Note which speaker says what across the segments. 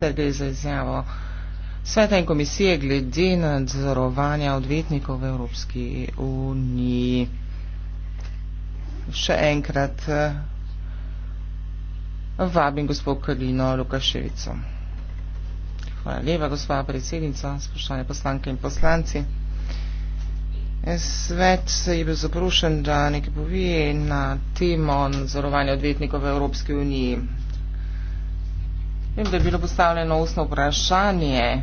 Speaker 1: trge za izjavo Sveta in komisije glede nadzorovanja odvetnikov v Evropski uniji. Še enkrat eh, vabim gospod Kalino Lukaševico. Hvala lepa, gospoda predsednica, spoštovane poslanke in poslanci. Svet se je bil zaprošen, da nekaj povije na temo nadzorovanja odvetnikov v Evropski uniji. Vem, da je bilo postavljeno ustno vprašanje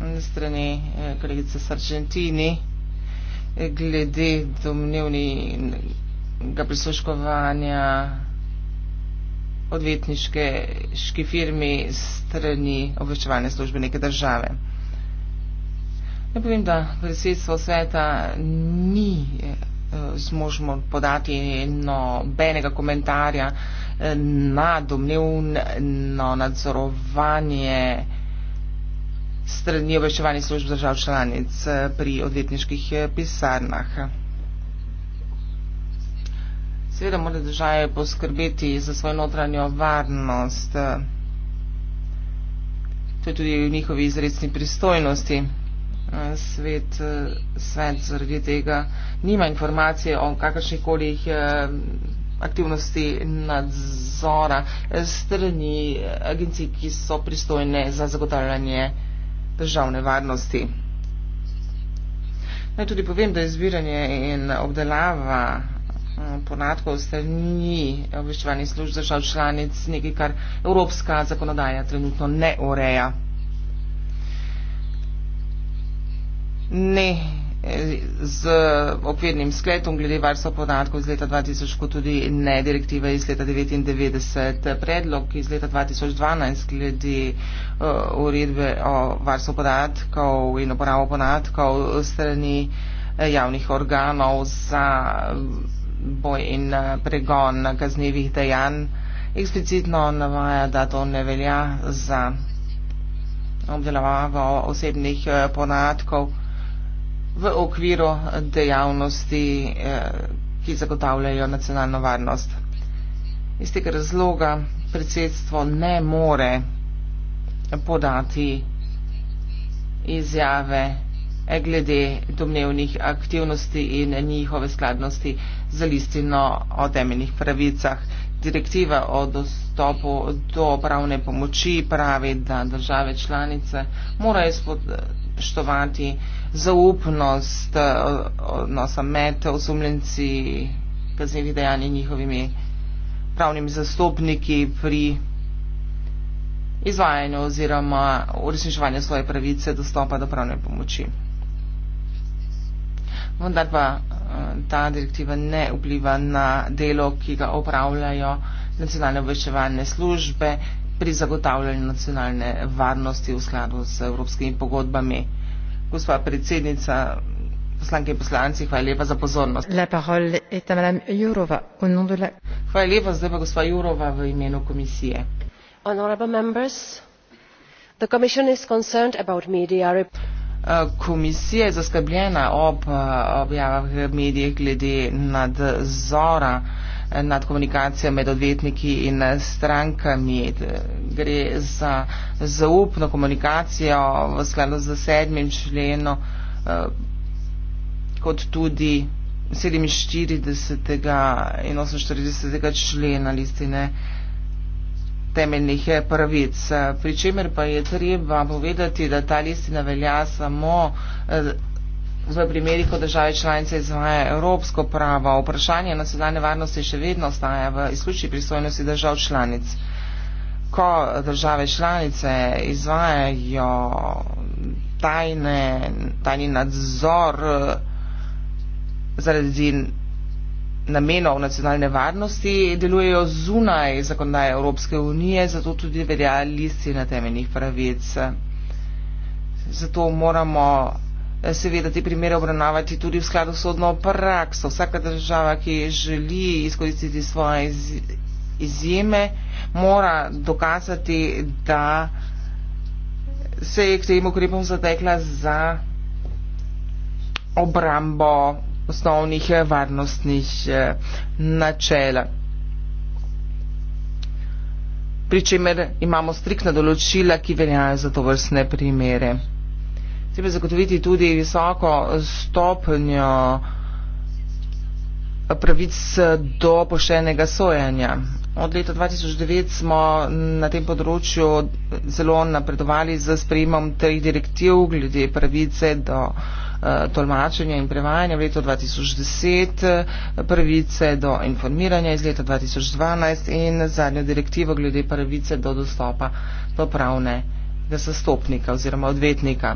Speaker 1: na strani eh, kolegice Sargentini eh, glede domnevnega prisluškovanja odvetniške ški firmi strani obveščevalne službe neke države. Ne povem, da predsedstvo sveta ni. Eh, Eh, zmožemo podati nobenega komentarja eh, na domnevno nadzorovanje strani obveščevanih služb držav članic eh, pri odvetniških pisarnah. Seveda mora države poskrbeti za svojo notranjo varnost. To je tudi v njihovi izredni pristojnosti. Eh, svet, eh, svet zaradi tega nima informacije o kakršnikolih eh, aktivnosti nadzora strani agencij, ki so pristojne za zagotavljanje državne varnosti. Naj tudi povem, da je zbiranje in obdelava podatkov strani obveščevalnih služb držav članic nekaj, kar evropska zakonodaja trenutno ne ureja. ne eh, z okvirnim skletom glede varstva podatkov iz leta 2000, kot tudi ne direktive iz leta 1999. Predlog iz leta 2012 glede uh, uredbe o varstvu podatkov in uporabo podatkov strani eh, javnih organov za mm, boj in pregon kaznevih dejanj eksplicitno navaja, da to ne velja za obdelavo osebnih podatkov. Uh, v okviru dejavnosti, eh, ki zagotavljajo nacionalno varnost. Iz tega razloga predsedstvo ne more podati izjave eh, glede domnevnih aktivnosti in njihove skladnosti za listino o temeljnih pravicah. Direktiva o dostopu do pravne pomoči pravi, da države članice morajo spod, spoštovati zaupnost eh, odnosa med osumljenci kaznevih dejanj in njihovimi pravnimi zastopniki pri izvajanju oziroma uresničevanju svoje pravice dostopa do pravne pomoči. Vendar pa eh, ta direktiva ne vpliva na delo, ki ga opravljajo nacionalne obveščevalne službe, pri zagotavljanju nacionalne varnosti v skladu z evropskimi pogodbami. Gospa predsednica, poslanke in poslanci, hvala lepa za pozornost. Hvala lepa, zdaj pa gospa Jurova v imenu komisije. Eh, komisija je zaskrbljena ob eh, objavah v medijih glede nadzora nad komunikacijo med odvetniki in eh, strankami. Gre za zaupno komunikacijo v skladu z sedmim členom eh, kot tudi 47. in 48. člena listine temeljnih eh, pravic. Pričemer pa je treba povedati, da ta listina velja samo v primeri, ko države članice izvaja evropsko pravo. Vprašanje nacionalne varnosti še vedno ostaja v izključni pristojnosti držav članic. Ko države članice izvajajo tajne, tajni nadzor eh, zaradi namenov nacionalne varnosti, delujejo zunaj zakonodaje Evropske unije, zato tudi velja listi na temeljnih pravic. Zato moramo seveda te primere obravnavati tudi v skladu sodno prakso. Vsaka država, ki želi izkoristiti svoje izjeme, mora dokazati, da se je k tem ukrepom zatekla za obrambo osnovnih eh, varnostnih eh, načel. Pričemer imamo striktna določila, ki veljajo za to vrstne primere treba zagotoviti tudi visoko stopnjo pravic do poštenega sojanja. Od leta 2009 smo na tem področju zelo napredovali z sprejemom treh direktiv glede pravice do eh, tolmačenja in prevajanja v letu 2010, eh, pravice do informiranja iz leta 2012 in zadnjo direktivo glede pravice do dostopa do pravnega zastopnika oziroma odvetnika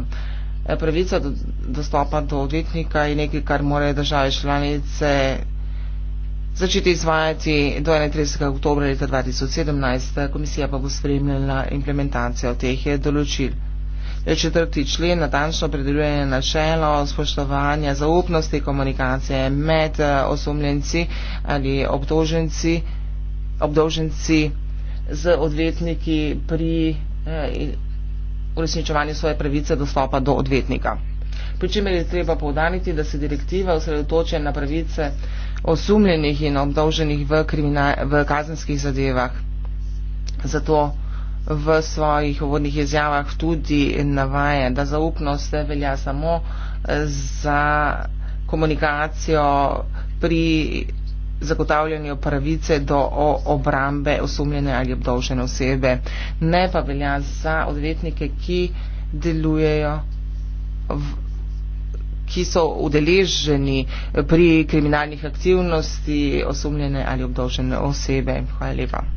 Speaker 1: pravica do dostopa do odvetnika je nekaj, kar morajo države članice začeti izvajati do 31. oktober leta 2017. Komisija pa bo spremljala implementacijo teh določil. Četrti člen natančno predeluje načelo spoštovanja zaupnosti komunikacije med osumljenci ali obdolženci, obdolženci z odvetniki pri eh, uresničevanju svoje pravice dostopa do odvetnika. Pričemer je treba povdaniti, da se direktiva osredotoča na pravice osumljenih in obdolženih v, v kazenskih zadevah. Zato v svojih uvodnih izjavah tudi navaja, da zaupnost velja samo za komunikacijo pri zagotavljanju pravice do obrambe osumljene ali obdolžene osebe. Ne pa velja za odvetnike, ki delujejo, v, ki so udeleženi pri kriminalnih aktivnosti osumljene ali obdolžene osebe. Hvala lepa.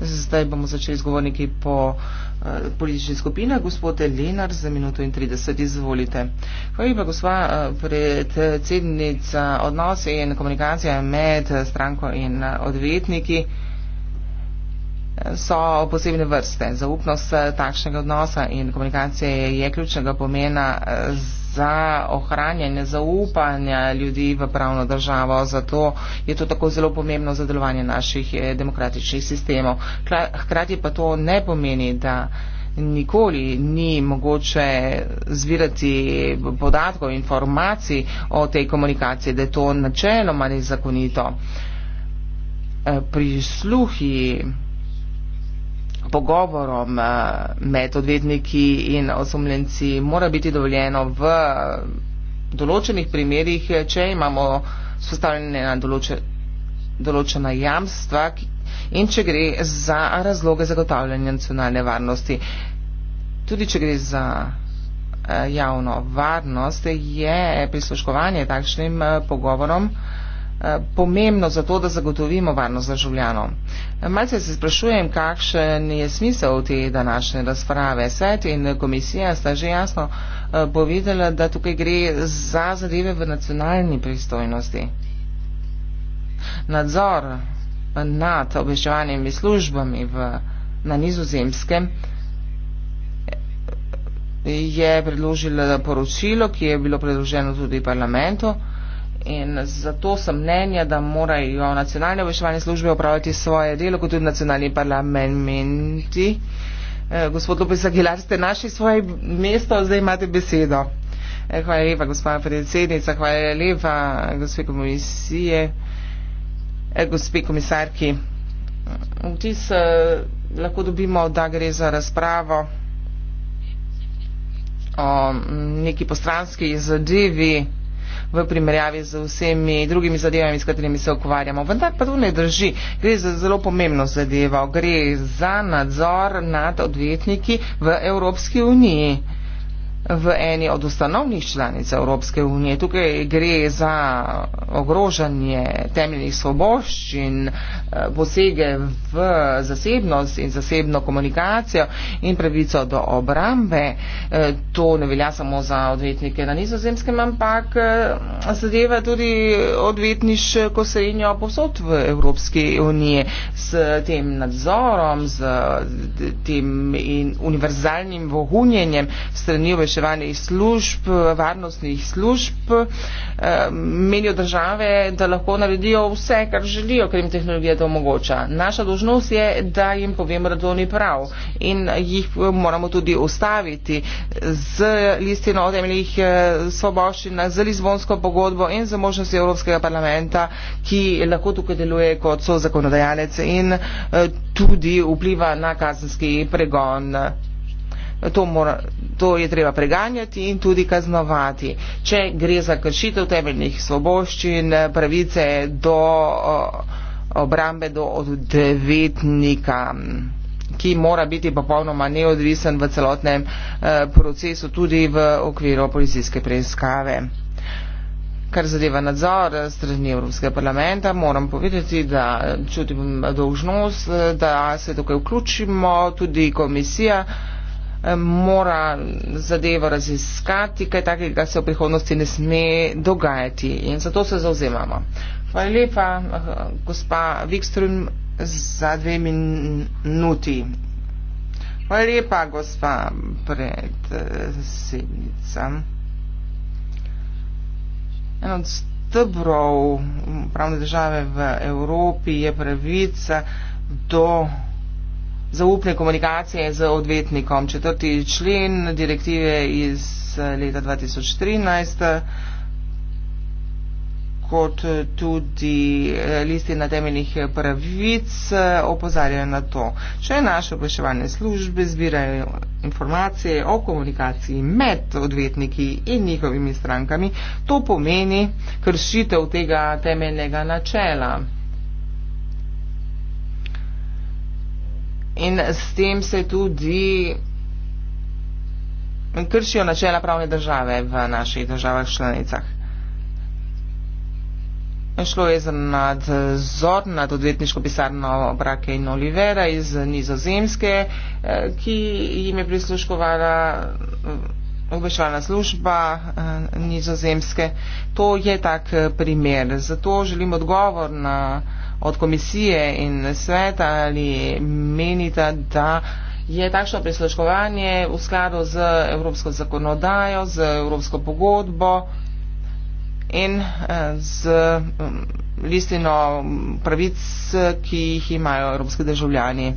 Speaker 1: Zdaj bomo začeli z govorniki po eh, politični skupini. Gospod Lenar, za minuto in 30, izvolite. Hvala lepa, gospa eh, predsednica, odnose in komunikacija med stranko in eh, odvetniki eh, so posebne vrste. Zaupnost takšnega odnosa in komunikacije je ključnega pomena. Eh, za ohranjanje zaupanja ljudi v pravno državo. Zato je to tako zelo pomembno za delovanje naših eh, demokratičnih sistemov. Hkrati pa to ne pomeni, da nikoli ni mogoče zbirati podatkov, informacij o tej komunikaciji, da je to načeloma nezakonito. Eh, prisluhi pogovorom eh, med odvedniki in osumljenci mora biti dovoljeno v eh, določenih primerjih, eh, če imamo spostavljena določe, določena jamstva in če gre za razloge zagotavljanja nacionalne varnosti. Tudi če gre za javno varnost, je prisluškovanje takšnim pogovorom Eh, pomembno za to, da zagotovimo varnost državljanov. Eh, malce se sprašujem, kakšen je smisel te današnje razprave. Svet in komisija sta že jasno eh, povedala, da tukaj gre za zadeve v nacionalni pristojnosti. Nadzor nad obveščevanjimi službami v, na nizozemskem je predložila poročilo, ki je bilo predloženo tudi parlamentu. In zato sem mnenja, da morajo nacionalne obveščevalne službe upravljati svoje delo, kot tudi nacionalni parlamenti. Eh, gospod Lopes Aguilar, ste našli svoje mesto, zdaj imate besedo. Eh, hvala lepa, gospa predsednica, hvala lepa, gospe komisije, eh, gospe komisarki. Vtis eh, lahko dobimo, da gre za razpravo o mm, neki postranski zadevi v primerjavi z vsemi drugimi zadevami, s katerimi se ukvarjamo. Vendar pa to ne drži. Gre za zelo pomembno zadevo. Gre za nadzor nad odvetniki v Evropski uniji v eni od ustanovnih članic Evropske unije. Tukaj gre za ogrožanje temeljnih svoboščin, eh, posege v zasebnost in zasebno komunikacijo in pravico do obrambe. Eh, to ne velja samo za odvetnike na nizozemskem, ampak eh, zadeva tudi odvetniško srednjo posod v Evropski uniji s tem nadzorom, s tem univerzalnim vohunjenjem strani obveščenja reševalnih služb, varnostnih služb. Eh, menijo države, da lahko naredijo vse, kar želijo, ker jim tehnologija to omogoča. Naša dožnost je, da jim povemo, da to ni prav in jih eh, moramo tudi ustaviti z listino o temeljih eh, svoboščin, z Lizbonsko pogodbo in z možnostjo Evropskega parlamenta, ki lahko tukaj deluje kot so zakonodajalec in tudi vpliva na kazenski pregon. To mora, to je treba preganjati in tudi kaznovati. Če gre za kršitev temeljnih sloboščin, pravice do eh, obrambe do odvetnika, ki mora biti popolnoma neodvisen v celotnem eh, procesu, tudi v okviru policijske preiskave. Kar zadeva nadzor eh, strani Evropskega parlamenta, moram povedati, da čutim dožnost, da se tukaj vključimo, tudi komisija mora zadevo raziskati, kaj takega se v prihodnosti ne sme dogajati in zato se zauzemamo. Hvala lepa, eh, gospa Vikström, za dve minuti. Hvala lepa, gospa predsednica. En od stebrov pravne države v Evropi je pravica do zaupne komunikacije z odvetnikom. Četrti člen direktive iz eh, leta 2013, kot tudi eh, listi na temeljnih pravic, eh, opozarjajo na to. Če naše obveščevalne službe zbirajo informacije o komunikaciji med odvetniki in njihovimi strankami, to pomeni kršitev tega temeljnega načela. In s tem se tudi kršijo načela pravne države v naših državah članicah. Šlo je za nadzor nad odvetniško pisarno Brake in Olivera iz Nizozemske, eh, ki jim je prisluškovala obveščevalna služba eh, nizozemske. To je tak eh, primer. Zato želim odgovor na, od komisije in sveta, ali menite, da je takšno prisluškovanje v skladu z evropsko zakonodajo, z evropsko pogodbo in eh, z mm, listino pravic, ki jih imajo evropski državljani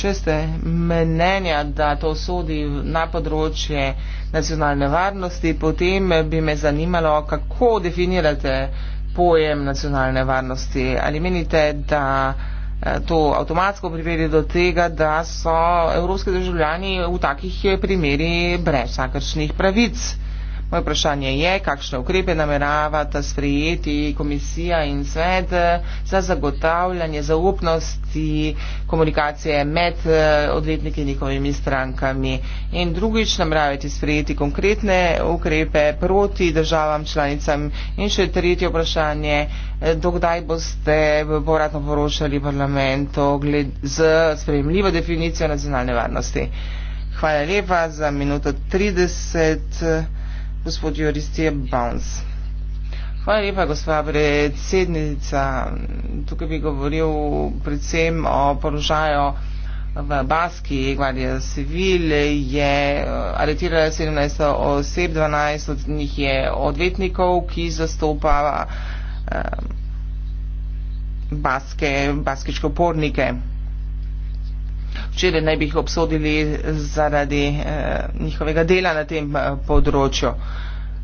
Speaker 1: če ste mnenja, da to sodi na področje nacionalne varnosti, potem bi me zanimalo, kako definirate pojem nacionalne varnosti. Ali menite, da eh, to avtomatsko privede do tega, da so evropski državljani v takih primerjih brez vsakršnih pravic? Moje vprašanje je, kakšne ukrepe nameravata sprejeti komisija in svet eh, za zagotavljanje zaupnosti komunikacije med eh, odvetniki in njihovimi strankami. In drugič, nameravate sprejeti konkretne ukrepe proti državam članicam. In še tretje vprašanje, eh, dokdaj boste povratno poročali parlamentu gled, z sprejemljivo definicijo nacionalne varnosti. Hvala lepa za minuto 30 gospod Joristija Bounce. Hvala lepa, gospa predsednica. Tukaj bi govoril predvsem o položaju v Baski. Gvardija Sevil je eh, aretirala 17 oseb, 12 od njih je odvetnikov, ki zastopa eh, baske, baskičke opornike. Včeraj naj bi jih obsodili zaradi eh, njihovega dela na tem eh, področju.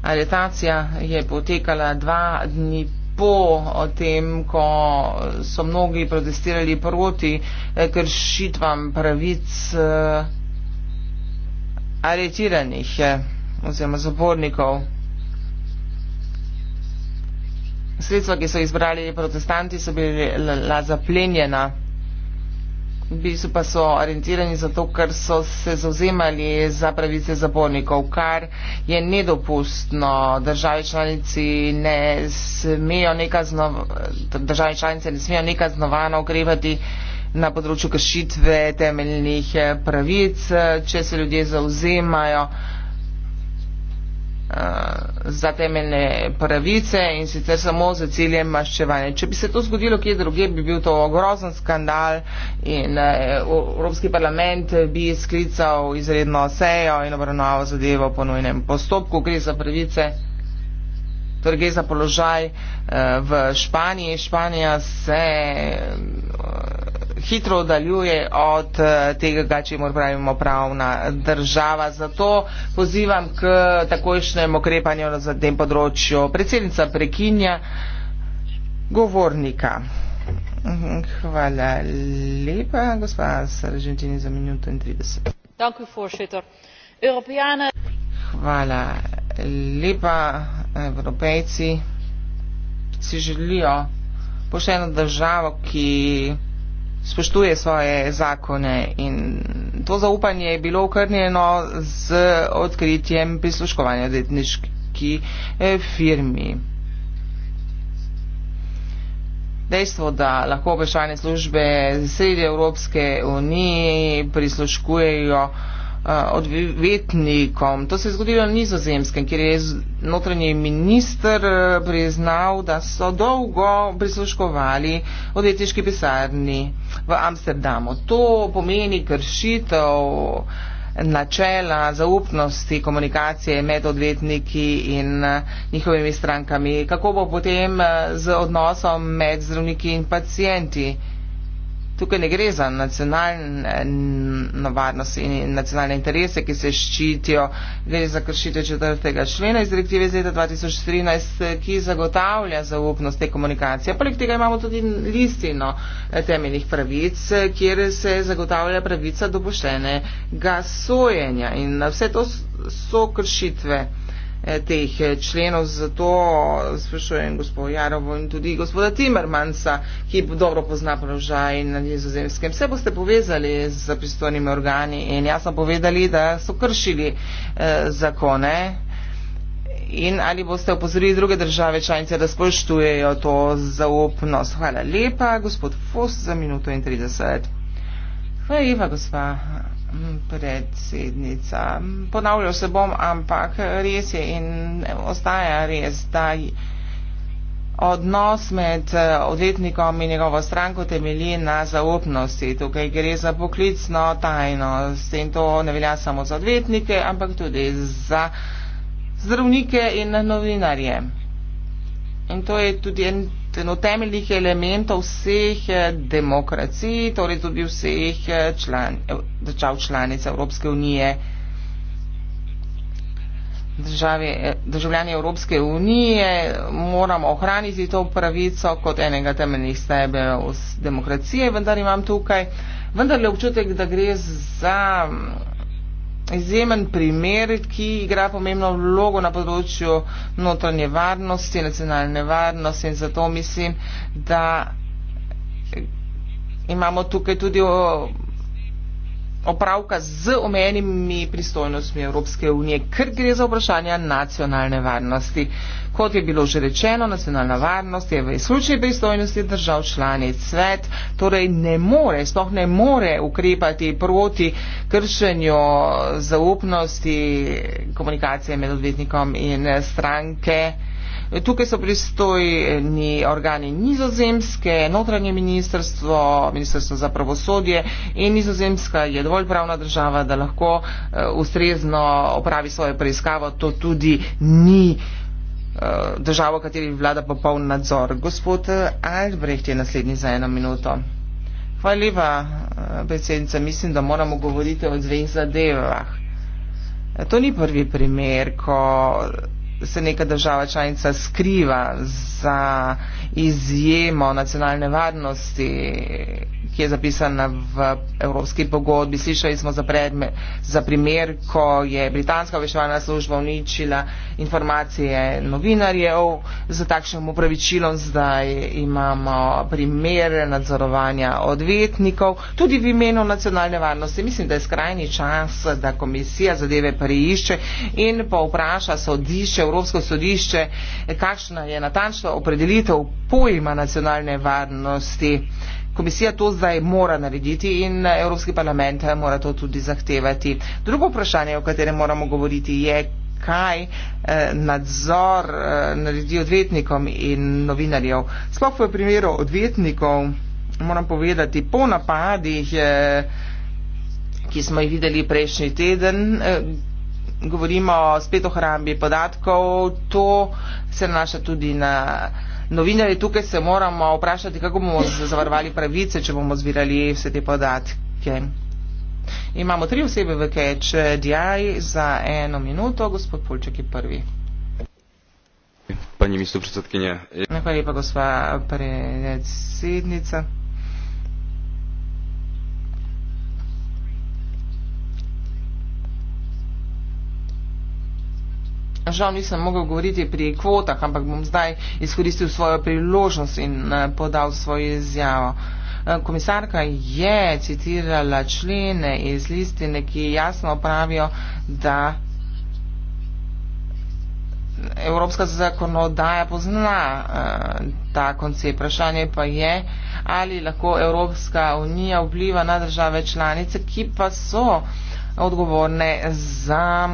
Speaker 1: Aretacija je potekala dva dni po eh, tem, ko so mnogi protestirali proti eh, kršitvam pravic eh, aretiranih eh, oziroma zapornikov. Sredstva, ki so izbrali protestanti, so bila zaplenjena v bistvu pa so orientirani zato, ker so se zauzemali za pravice zapornikov, kar je nedopustno. Države članice ne smejo nekaznovano neka znova ukrepati na področju kršitve temeljnih pravic, če se ljudje zauzemajo. Eh, za temeljne pravice in sicer samo za ciljem maščevanja. Če bi se to zgodilo kje druge, bi bil to grozen skandal in eh, Evropski parlament bi sklical izredno sejo in obravnaval zadevo po nujnem postopku. Gre za pravice, torej gre za položaj eh, v Španiji. Španija se hitro oddaljuje od eh, tega, če mora pravimo pravna država. Zato pozivam k takojšnjem okrepanju na tem področju. Predsednica prekinja govornika. Hvala lepa, gospa Sržentini, za minuto in 30.
Speaker 2: Danke, Europejane...
Speaker 1: Hvala lepa, evropejci si želijo pošteno državo, ki spoštuje svoje zakone in to zaupanje je bilo okrnjeno z odkritjem prisluškovanja detniški eh, firmi. Dejstvo, da lahko obveščevalne službe sredi Evropske unije prisluškujejo uh, Eh, odvetnikom. To se je zgodilo na nizozemskem, kjer je notranji minister eh, priznal, da so dolgo prisluškovali odvetniški pisarni v Amsterdamu. To pomeni kršitev načela zaupnosti komunikacije med odvetniki in eh, njihovimi strankami. Kako bo potem z odnosom med zdravniki in pacijenti? Tukaj ne gre za nacionalno varnost in nacionalne interese, ki se ščitijo, gre za kršitev četrtega člena iz direktive iz leta 2013, ki zagotavlja zaupnost te komunikacije. Poleg tega imamo tudi listino eh, temeljnih pravic, kjer se zagotavlja pravica do poštenega sojenja in vse to so kršitve. Eh, teh eh, členov, zato sprašujem gospod Jarovo in tudi gospoda Timmermansa, ki dobro pozna položaj na nizozemskem. Vse boste povezali z pristojnimi organi in jasno povedali, da so kršili eh, zakone in ali boste opozorili druge države članice, da spoštujejo to zaupnost. Hvala lepa, gospod Fos, za minuto in 30. Hvala lepa, gospa predsednica. Ponavljal se bom, ampak res je in ostaja res, da odnos med eh, odvetnikom in njegovo stranko temelji na zaupnosti. Tukaj gre za poklicno tajnost in to ne velja samo za odvetnike, ampak tudi za zdravnike in novinarje. In to je tudi en eno temeljnih elementov vseh eh, demokracij, torej tudi vseh eh, član, držav članic Evropske unije. Države, eh, državljani Evropske unije moramo ohraniti to pravico kot enega temeljnih stebev demokracije, vendar imam tukaj vendar le občutek, da gre za izjemen primer, ki igra pomembno vlogo na področju notranje varnosti, nacionalne varnosti in zato mislim, da imamo tukaj tudi o opravka z omenjenimi pristojnostmi Evropske unije, ker gre za vprašanja nacionalne varnosti. Kot je bilo že rečeno, nacionalna varnost je v izključni pristojnosti držav članic svet, torej ne more, sploh ne more ukrepati proti kršenju zaupnosti komunikacije med odvetnikom in stranke. Tukaj so pristojni organi nizozemske, notranje ministrstvo, ministrstvo za pravosodje in nizozemska je dovolj pravna država, da lahko eh, ustrezno opravi svojo preiskavo. To tudi ni eh, država, v kateri vlada popoln nadzor. Gospod eh, Albrecht je naslednji za eno minuto. Hvala lepa, predsednica. Mislim, da moramo govoriti o dveh zadevah. To ni prvi primer, ko se neka država članica skriva za izjemo nacionalne varnosti, ki je zapisana v evropski pogodbi. Slišali smo za, predme, za primer, ko je britanska obveščevalna služba uničila informacije novinarjev za takšnim upravičilom, zdaj imamo primer nadzorovanja odvetnikov, tudi v imenu nacionalne varnosti. Mislim, da je skrajni čas, da komisija zadeve preišče in pa vpraša sodišče v Evropsko sodišče, kakšna je natančna opredelitev pojma nacionalne varnosti. Komisija to zdaj mora narediti in Evropski parlament mora to tudi zahtevati. Drugo vprašanje, o katerem moramo govoriti, je, kaj eh, nadzor eh, naredi odvetnikom in novinarjev. Sploh v primeru odvetnikov, moram povedati, po napadih, eh, ki smo jih videli prejšnji teden, govorimo spet o hrambi podatkov, to se nanaša tudi na novinarje. Tukaj se moramo vprašati, kako bomo zavarovali pravice, če bomo zbirali vse te podatke. Imamo tri osebe v keč. Dijaj za eno minuto, gospod Pulček je prvi.
Speaker 2: Pani ministr predsednik je.
Speaker 1: Hvala lepa, gospa predsednica. žal nisem mogel govoriti pri kvotah, ampak bom zdaj izkoristil svojo priložnost in eh, podal svojo izjavo. Eh, komisarka je citirala člene iz listine, ki jasno pravijo, da Evropska zakonodaja pozna eh, ta koncept. Vprašanje pa je, ali lahko Evropska unija vpliva na države članice, ki pa so odgovorne za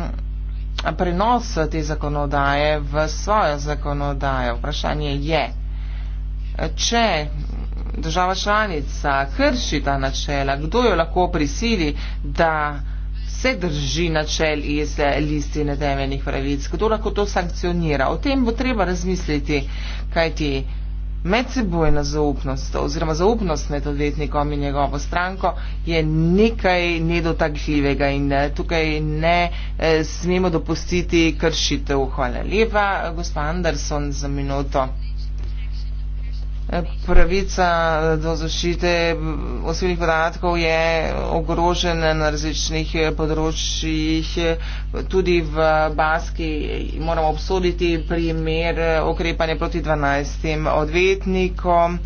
Speaker 1: prenos te zakonodaje v svojo zakonodajo. Vprašanje je, če država članica krši ta načela, kdo jo lahko prisili, da se drži načel iz listine temeljnih pravic, kdo lahko to sankcionira. O tem bo treba razmisliti, kajti medsebojna zaupnost oziroma zaupnost med odvetnikom in njegovo stranko je nekaj nedotakljivega in eh, tukaj ne eh, smemo dopustiti kršitev. Hvala lepa, gospa Anderson, za minuto. Pravica do zaščite osebnih podatkov je ogrožena na različnih področjih, tudi v Baski moramo obsoditi primer okrepanja proti 12 odvetnikom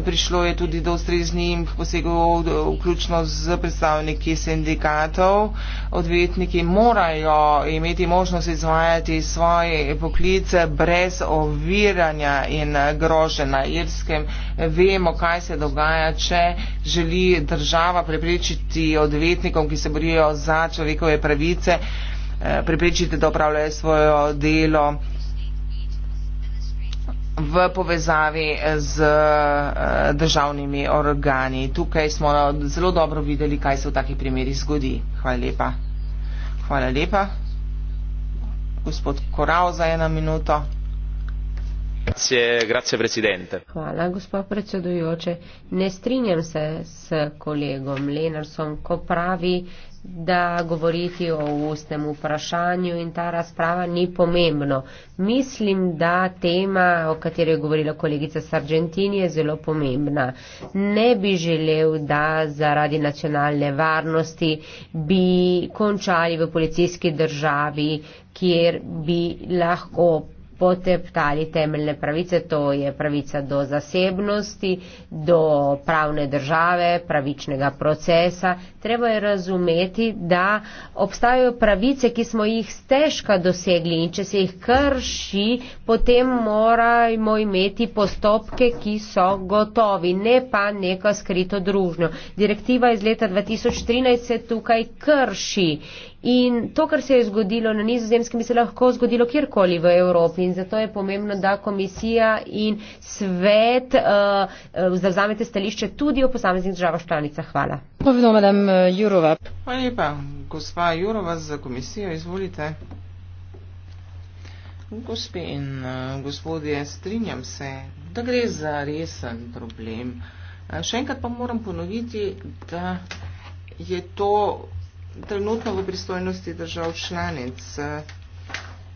Speaker 1: prišlo je tudi do ustreznih posegov, vključno z predstavniki sindikatov. Odvetniki morajo imeti možnost izvajati svoje poklice brez oviranja in grože na Irskem. Vemo, kaj se dogaja, če želi država preprečiti odvetnikom, ki se borijo za človekove pravice, eh, preprečiti, da opravljajo svojo delo v povezavi z eh, državnimi organi. Tukaj smo zelo dobro videli, kaj se v takih primerih zgodi. Hvala lepa. Hvala lepa. Gospod Korav za eno minuto. Grazie, grazie presidente. Hvala,
Speaker 2: gospod predsedujoče. Ne strinjam se s kolegom Lenarsom, ko pravi, da govoriti o ustnem vprašanju in ta razprava ni pomembno. Mislim, da tema, o kateri je govorila kolegica Sargentini, je zelo pomembna. Ne bi želel, da zaradi nacionalne varnosti bi končali v policijski državi, kjer bi lahko poteptali temeljne pravice, to je pravica do zasebnosti, do pravne države, pravičnega procesa. Treba je razumeti, da obstajajo pravice, ki smo jih težko dosegli in če se jih krši, potem moramo imeti postopke, ki so gotovi, ne pa neko skrito družnjo. Direktiva iz leta 2013 se tukaj krši In to, kar se je zgodilo na nizozemskem, bi se lahko zgodilo kjerkoli v Evropi. In zato je pomembno, da komisija in svet uh, zavzamete stališče tudi o posameznih državah članicah. Hvala.
Speaker 1: Povedo, madam eh, Jurova. Hvala lepa. Gospa Jurova za komisijo, izvolite. Gospe in gospodje, strinjam se, da gre za resen problem. Še enkrat pa moram ponoviti, da je to trenutno v pristojnosti držav članic. Eh,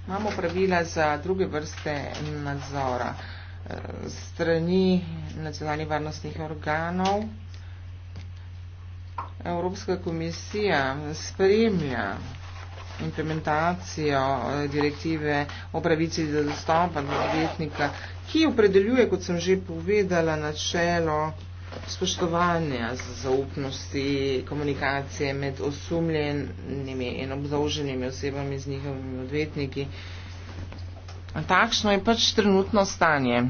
Speaker 1: imamo pravila za druge vrste nadzora eh, strani nacionalnih varnostnih organov. Evropska komisija spremlja implementacijo eh, direktive o pravici za dostopa do odvetnika, ki opredeljuje, kot sem že povedala, načelo spoštovanja, zaupnosti, komunikacije med osumljenimi in obdolženimi osebami z njihovimi odvetniki. Takšno je pač trenutno stanje.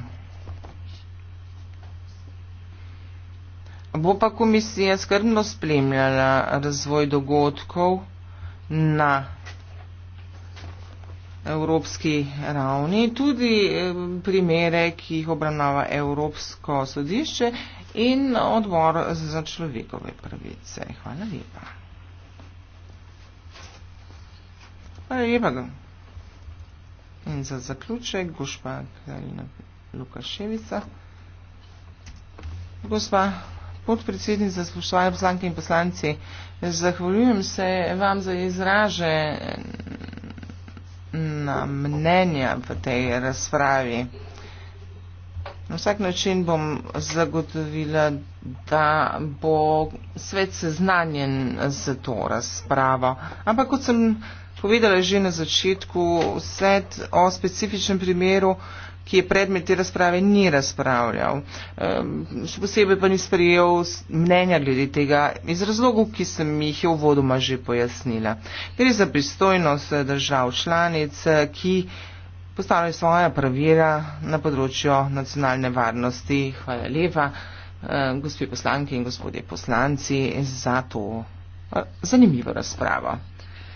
Speaker 1: Bo pa komisija skrbno spremljala razvoj dogodkov na evropski ravni, tudi eh, primere, ki jih obravnava Evropsko sodišče in odbor za človekove pravice. Hvala lepa. Hvala lepa. In za zaključek, gošpa Karina Lukaševica. Gospa podpredsednik za spoštovanje poslanke in poslanci, zahvaljujem se vam za izraže na mnenja v tej razpravi. Na vsak način bom zagotovila, da bo svet seznanjen z to razpravo. Ampak kot sem povedala že na začetku, svet o specifičnem primeru, ki je predmet te razprave, ni razpravljal. Ehm, še posebej pa ni sprejel mnenja glede tega iz razlogov, ki sem jih v vodoma že pojasnila. Gre za pristojnost eh, držav članic, eh, ki postavljajo svoja pravila na področju nacionalne varnosti. Hvala lepa, eh, gospe poslanke in gospodje poslanci, za to eh, zanimivo razpravo.